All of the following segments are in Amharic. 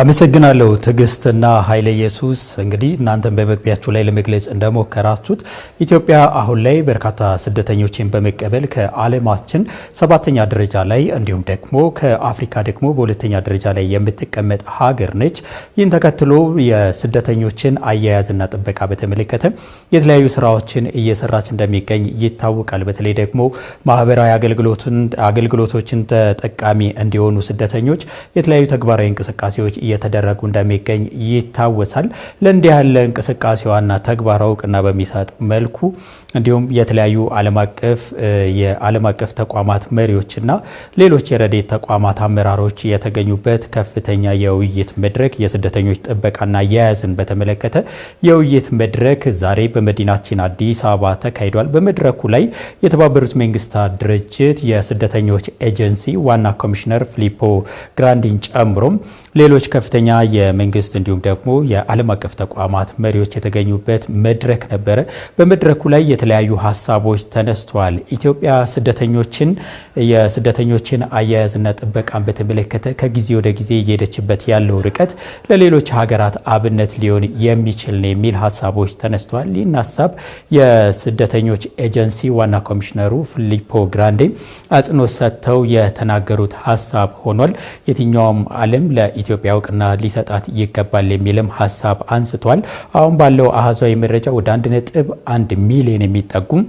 አመሰግናለሁ ትዕግስትና ኃይለ ኢየሱስ። እንግዲህ እናንተን በመግቢያችሁ ላይ ለመግለጽ እንደሞከራችሁት ኢትዮጵያ አሁን ላይ በርካታ ስደተኞችን በመቀበል ከዓለማችን ሰባተኛ ደረጃ ላይ እንዲሁም ደግሞ ከአፍሪካ ደግሞ በሁለተኛ ደረጃ ላይ የምትቀመጥ ሀገር ነች። ይህን ተከትሎ የስደተኞችን አያያዝና ጥበቃ በተመለከተ የተለያዩ ስራዎችን እየሰራች እንደሚገኝ ይታወቃል። በተለይ ደግሞ ማህበራዊ አገልግሎቶችን ተጠቃሚ እንዲሆኑ ስደተኞች የተለያዩ ተግባራዊ እንቅስቃሴዎች እየተደረጉ እንደሚገኝ ይታወሳል። ለእንዲህ ያለ እንቅስቃሴዋና ተግባር እውቅና በሚሰጥ መልኩ እንዲሁም የተለያዩ ዓለም አቀፍ የዓለም አቀፍ ተቋማት መሪዎችና ሌሎች የረድኤት ተቋማት አመራሮች የተገኙበት ከፍተኛ የውይይት መድረክ የስደተኞች ጥበቃና አያያዝን በተመለከተ የውይይት መድረክ ዛሬ በመዲናችን አዲስ አበባ ተካሂዷል። በመድረኩ ላይ የተባበሩት መንግስታት ድርጅት የስደተኞች ኤጀንሲ ዋና ኮሚሽነር ፊሊፖ ግራንዲን ጨምሮም ሌሎች ከፍተኛ የመንግስት እንዲሁም ደግሞ የዓለም አቀፍ ተቋማት መሪዎች የተገኙበት መድረክ ነበረ። በመድረኩ ላይ የተለያዩ ሀሳቦች ተነስተዋል። ኢትዮጵያ ስደተኞችን የስደተኞችን አያያዝና ጥበቃን በተመለከተ ከጊዜ ወደ ጊዜ እየሄደችበት ያለው ርቀት ለሌሎች ሀገራት አብነት ሊሆን የሚችል ነው የሚል ሀሳቦች ተነስተዋል። ይህን ሀሳብ የስደተኞች ኤጀንሲ ዋና ኮሚሽነሩ ፊሊፖ ግራንዴ አጽንኦት ሰጥተው የተናገሩት ሀሳብ ሆኗል። የትኛውም ዓለም ለኢትዮጵያ ሊያውቅና ሊሰጣት ይገባል የሚልም ሀሳብ አንስቷል። አሁን ባለው አሃዛዊ መረጃ ወደ አንድ አንድ ሚሊዮን የሚጠጉም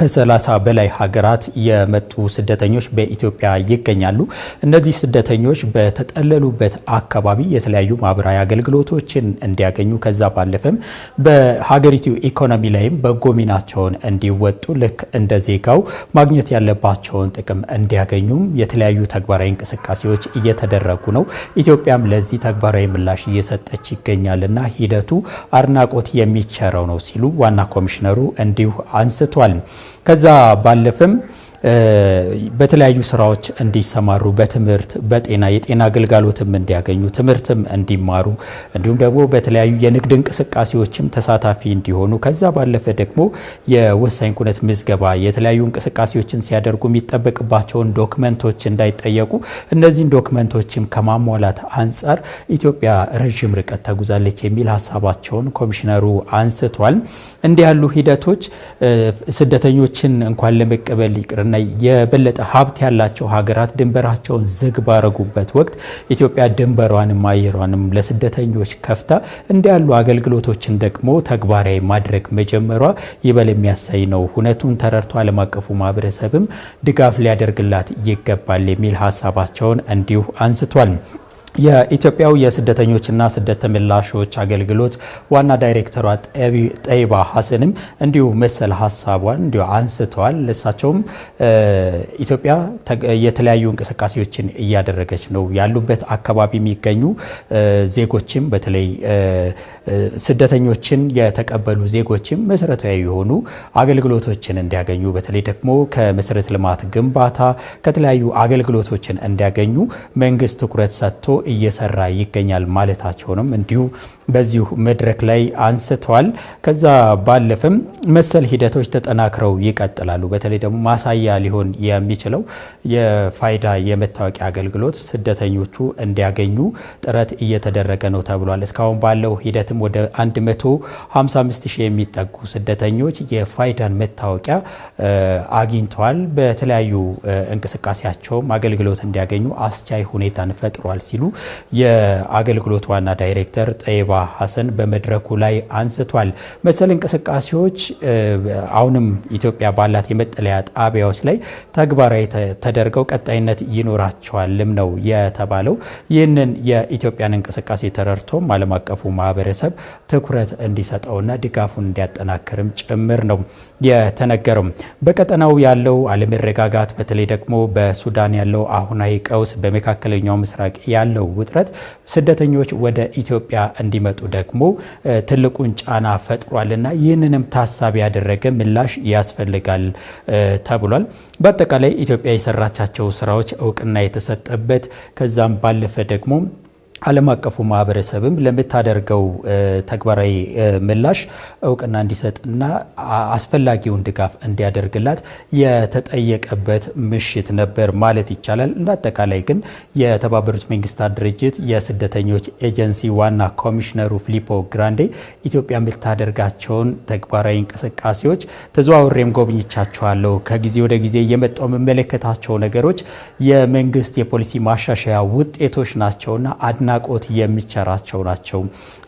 ከሰላሳ በላይ ሀገራት የመጡ ስደተኞች በኢትዮጵያ ይገኛሉ። እነዚህ ስደተኞች በተጠለሉበት አካባቢ የተለያዩ ማህበራዊ አገልግሎቶችን እንዲያገኙ ከዛ ባለፈም በሀገሪቱ ኢኮኖሚ ላይም በጎ ሚናቸውን እንዲወጡ ልክ እንደ ዜጋው ማግኘት ያለባቸውን ጥቅም እንዲያገኙም የተለያዩ ተግባራዊ እንቅስቃሴዎች እየተደረጉ ነው። ኢትዮጵያም ለዚህ ተግባራዊ ምላሽ እየሰጠች ይገኛልና ሂደቱ አድናቆት የሚቸረው ነው ሲሉ ዋና ኮሚሽነሩ እንዲሁ አንስቷል። ከዛ ባለፈም በተለያዩ ስራዎች እንዲሰማሩ በትምህርት በጤና የጤና አገልጋሎትም እንዲያገኙ ትምህርትም እንዲማሩ እንዲሁም ደግሞ በተለያዩ የንግድ እንቅስቃሴዎችም ተሳታፊ እንዲሆኑ ከዛ ባለፈ ደግሞ የወሳኝ ኩነት ምዝገባ የተለያዩ እንቅስቃሴዎችን ሲያደርጉ የሚጠበቅባቸውን ዶክመንቶች እንዳይጠየቁ እነዚህን ዶክመንቶችም ከማሟላት አንጻር ኢትዮጵያ ረዥም ርቀት ተጉዛለች የሚል ሀሳባቸውን ኮሚሽነሩ አንስቷል። እንዲህ ያሉ ሂደቶች ስደተኞችን እንኳን ለመቀበል ይቅርና እና የበለጠ ሀብት ያላቸው ሀገራት ድንበራቸውን ዝግ ባረጉበት ወቅት ኢትዮጵያ ድንበሯንም አየሯንም ለስደተኞች ከፍታ እንዲያሉ አገልግሎቶችን ደግሞ ተግባራዊ ማድረግ መጀመሯ ይበል የሚያሳይ ነው። ሁነቱን ተረድቶ ዓለም አቀፉ ማህበረሰብም ድጋፍ ሊያደርግላት ይገባል የሚል ሀሳባቸውን እንዲሁ አንስቷል። የኢትዮጵያው የስደተኞችና ስደት ተመላሾች አገልግሎት ዋና ዳይሬክተሯ ጠይባ ሀሰንም እንዲሁ መሰል ሀሳቧን እንዲሁ አንስተዋል። እሳቸውም ኢትዮጵያ የተለያዩ እንቅስቃሴዎችን እያደረገች ነው። ያሉበት አካባቢ የሚገኙ ዜጎችም በተለይ ስደተኞችን የተቀበሉ ዜጎችም መሰረታዊ የሆኑ አገልግሎቶችን እንዲያገኙ በተለይ ደግሞ ከመሰረተ ልማት ግንባታ ከተለያዩ አገልግሎቶችን እንዲያገኙ መንግስት ትኩረት ሰጥቶ እየሰራ ይገኛል ማለታቸውንም እንዲሁ በዚሁ መድረክ ላይ አንስተዋል። ከዛ ባለፈም መሰል ሂደቶች ተጠናክረው ይቀጥላሉ። በተለይ ደግሞ ማሳያ ሊሆን የሚችለው የፋይዳ የመታወቂያ አገልግሎት ስደተኞቹ እንዲያገኙ ጥረት እየተደረገ ነው ተብሏል። እስካሁን ባለው ሂደትም ወደ 155 ሺህ የሚጠጉ ስደተኞች የፋይዳን መታወቂያ አግኝተዋል። በተለያዩ እንቅስቃሴያቸውም አገልግሎት እንዲያገኙ አስቻይ ሁኔታን ፈጥሯል ሲሉ የአገልግሎት ዋና ዳይሬክተር ጠይባ ሀሰን በመድረኩ ላይ አንስቷል። መሰል እንቅስቃሴዎች አሁንም ኢትዮጵያ ባላት የመጠለያ ጣቢያዎች ላይ ተግባራዊ ተደርገው ቀጣይነት ይኖራቸዋልም ነው የተባለው። ይህንን የኢትዮጵያን እንቅስቃሴ ተረድቶም ዓለም አቀፉ ማህበረሰብ ትኩረት እንዲሰጠውና ድጋፉን እንዲያጠናክርም ጭምር ነው የተነገረው። በቀጠናው ያለው አለመረጋጋት በተለይ ደግሞ በሱዳን ያለው አሁናዊ ቀውስ፣ በመካከለኛው ምስራቅ ያለው ያለው ውጥረት ስደተኞች ወደ ኢትዮጵያ እንዲመጡ ደግሞ ትልቁን ጫና ፈጥሯልና ይህንንም ታሳቢ ያደረገ ምላሽ ያስፈልጋል ተብሏል። በአጠቃላይ ኢትዮጵያ የሰራቻቸው ስራዎች እውቅና የተሰጠበት ከዛም ባለፈ ደግሞ ዓለም አቀፉ ማህበረሰብም ለምታደርገው ተግባራዊ ምላሽ እውቅና እንዲሰጥና አስፈላጊውን ድጋፍ እንዲያደርግላት የተጠየቀበት ምሽት ነበር ማለት ይቻላል። እንደ አጠቃላይ ግን የተባበሩት መንግስታት ድርጅት የስደተኞች ኤጀንሲ ዋና ኮሚሽነሩ ፊሊፖ ግራንዴ ኢትዮጵያ የምታደርጋቸውን ተግባራዊ እንቅስቃሴዎች ተዘዋውሬም ጎብኝቻቸዋለሁ። ከጊዜ ወደ ጊዜ የመጣው የምመለከታቸው ነገሮች የመንግስት የፖሊሲ ማሻሻያ ውጤቶች ናቸውና አድናቆት የሚቸራቸው ናቸው።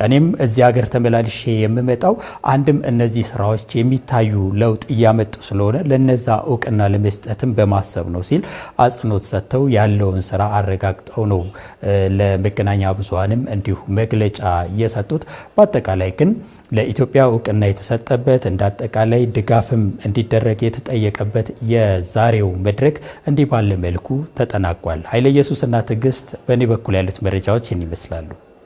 እኔም እዚህ ሀገር ተመላልሼ የምመጣው አንድም እነዚህ ስራዎች የሚታዩ ለውጥ እያመጡ ስለሆነ ለነዛ እውቅና ለመስጠትም በማሰብ ነው ሲል አጽንኦት ሰጥተው ያለውን ስራ አረጋግጠው ነው ለመገናኛ ብዙሀንም እንዲሁ መግለጫ እየሰጡት። በአጠቃላይ ግን ለኢትዮጵያ እውቅና የተሰጠበት እንደ አጠቃላይ ድጋፍም እንዲደረግ የተጠየቀበት የዛሬው መድረክ እንዲህ ባለ መልኩ ተጠናቋል። ኃይለ ኢየሱስና ትዕግስት በእኔ በኩል ያሉት መረጃዎች ይህን ይመስላሉ።